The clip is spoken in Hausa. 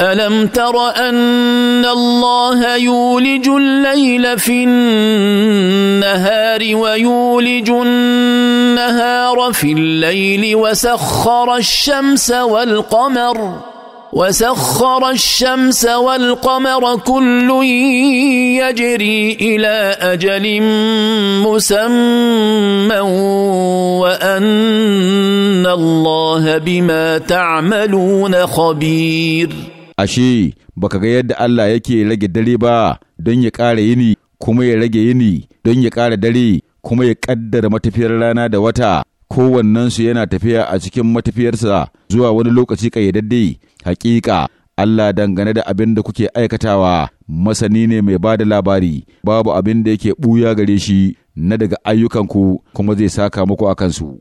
الم تر ان الله يولج الليل في النهار ويولج النهار في الليل وسخر الشمس والقمر وسخر الشمس والقمر كل يجري الى اجل مسمى وان الله بما تعملون خبير ashe, baka ga yadda Allah yake rage dare ba don ya ƙara yini, kuma ya rage yini don ya ƙara dare, kuma ya ƙaddara matafiyar rana da wata, kowannensu yana tafiya a cikin matafiyarsa zuwa wani lokaci ƙayyadadde, hakika. Allah dangane da abin da kuke aikatawa masani ne mai ba da labari, babu abin da yake ɓuya gare shi na daga ayyukanku kuma zai saka muku a kansu.